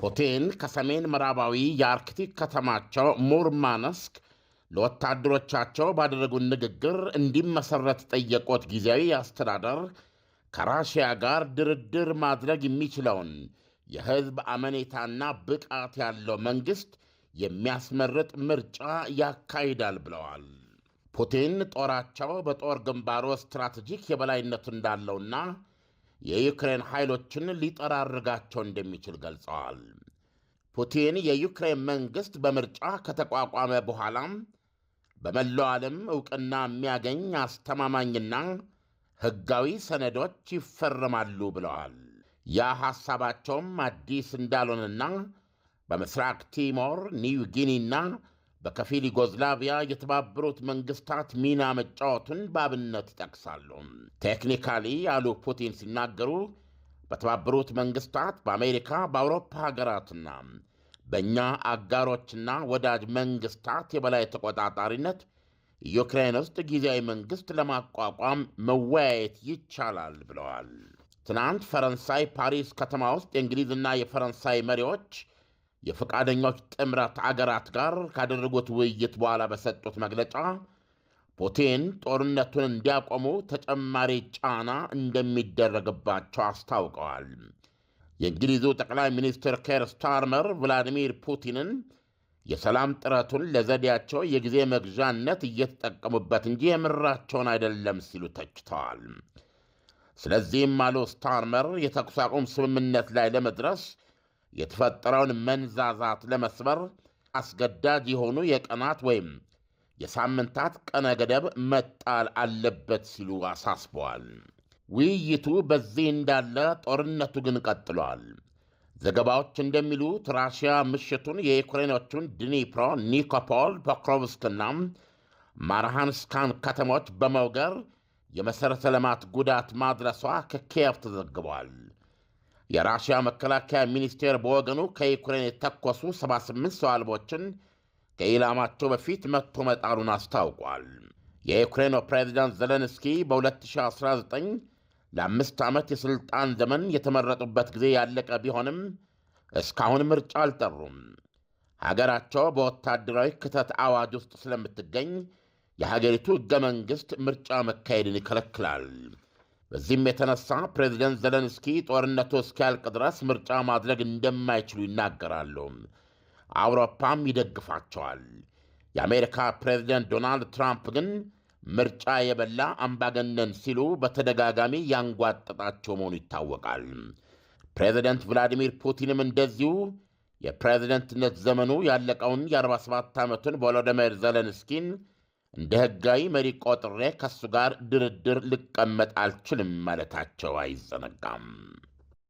ፑቲን ከሰሜን ምዕራባዊ የአርክቲክ ከተማቸው ሙርማነስክ ለወታደሮቻቸው ባደረጉት ንግግር እንዲመሠረት ጠየቁት ጊዜያዊ አስተዳደር ከራሽያ ጋር ድርድር ማድረግ የሚችለውን የሕዝብ አመኔታና ብቃት ያለው መንግሥት የሚያስመርጥ ምርጫ ያካሂዳል ብለዋል። ፑቲን ጦራቸው በጦር ግንባሩ ስትራቴጂክ የበላይነት እንዳለውና የዩክሬን ኃይሎችን ሊጠራርጋቸው እንደሚችል ገልጸዋል። ፑቲን የዩክሬን መንግሥት በምርጫ ከተቋቋመ በኋላ በመላው ዓለም ዕውቅና የሚያገኝ አስተማማኝና ሕጋዊ ሰነዶች ይፈርማሉ ብለዋል። ያ ሐሳባቸውም አዲስ እንዳልሆነና በምሥራቅ ቲሞር ኒው ጊኒና በከፊል ዩጎዝላቪያ የተባበሩት መንግስታት ሚና መጫወቱን በአብነት ይጠቅሳሉ። ቴክኒካሊ ያሉ ፑቲን ሲናገሩ በተባበሩት መንግስታት፣ በአሜሪካ፣ በአውሮፓ ሀገራትና በእኛ አጋሮችና ወዳጅ መንግስታት የበላይ ተቆጣጣሪነት ዩክሬን ውስጥ ጊዜያዊ መንግስት ለማቋቋም መወያየት ይቻላል ብለዋል። ትናንት ፈረንሳይ ፓሪስ ከተማ ውስጥ የእንግሊዝና የፈረንሳይ መሪዎች የፈቃደኞች ጥምረት አገራት ጋር ካደረጉት ውይይት በኋላ በሰጡት መግለጫ ፑቲን ጦርነቱን እንዲያቆሙ ተጨማሪ ጫና እንደሚደረግባቸው አስታውቀዋል። የእንግሊዙ ጠቅላይ ሚኒስትር ኬር ስታርመር ቭላዲሚር ፑቲንን የሰላም ጥረቱን ለዘዴያቸው የጊዜ መግዣነት እየተጠቀሙበት እንጂ የምራቸውን አይደለም ሲሉ ተችተዋል። ስለዚህም አሉ ስታርመር የተኩስ አቁም ስምምነት ላይ ለመድረስ የተፈጠረውን መንዛዛት ለመስበር አስገዳጅ የሆኑ የቀናት ወይም የሳምንታት ቀነ ገደብ መጣል አለበት ሲሉ አሳስበዋል። ውይይቱ በዚህ እንዳለ ጦርነቱ ግን ቀጥሏል። ዘገባዎች እንደሚሉት ራሽያ ምሽቱን የዩክሬኖቹን ድኒፕሮ፣ ኒኮፖል፣ ፖክሮቭስክና ማርሃንስካን ከተሞች በመውገር የመሠረተ ልማት ጉዳት ማድረሷ ከኪየቭ ተዘግቧል። የራሽያ መከላከያ ሚኒስቴር በወገኑ ከዩክሬን የተኮሱ 78 ሰው አልቦችን ከኢላማቸው በፊት መጥቶ መጣሉን አስታውቋል። የዩክሬኑ ፕሬዚዳንት ዘለንስኪ በ2019 ለአምስት ዓመት የሥልጣን ዘመን የተመረጡበት ጊዜ ያለቀ ቢሆንም እስካሁን ምርጫ አልጠሩም። ሀገራቸው በወታደራዊ ክተት አዋጅ ውስጥ ስለምትገኝ የሀገሪቱ ሕገ መንግሥት ምርጫ መካሄድን ይከለክላል። በዚህም የተነሳ ፕሬዚደንት ዘለንስኪ ጦርነቱ እስኪያልቅ ድረስ ምርጫ ማድረግ እንደማይችሉ ይናገራሉ። አውሮፓም ይደግፋቸዋል። የአሜሪካ ፕሬዚደንት ዶናልድ ትራምፕ ግን ምርጫ የበላ አምባገነን ሲሉ በተደጋጋሚ ያንጓጠጣቸው መሆኑ ይታወቃል። ፕሬዚደንት ቭላዲሚር ፑቲንም እንደዚሁ የፕሬዚደንትነት ዘመኑ ያለቀውን የ47 ዓመቱን ቮሎዲሚር ዘለንስኪን እንደ ሕጋዊ መሪ ቆጥሬ ከእሱ ጋር ድርድር ልቀመጥ አልችልም ማለታቸው አይዘነጋም።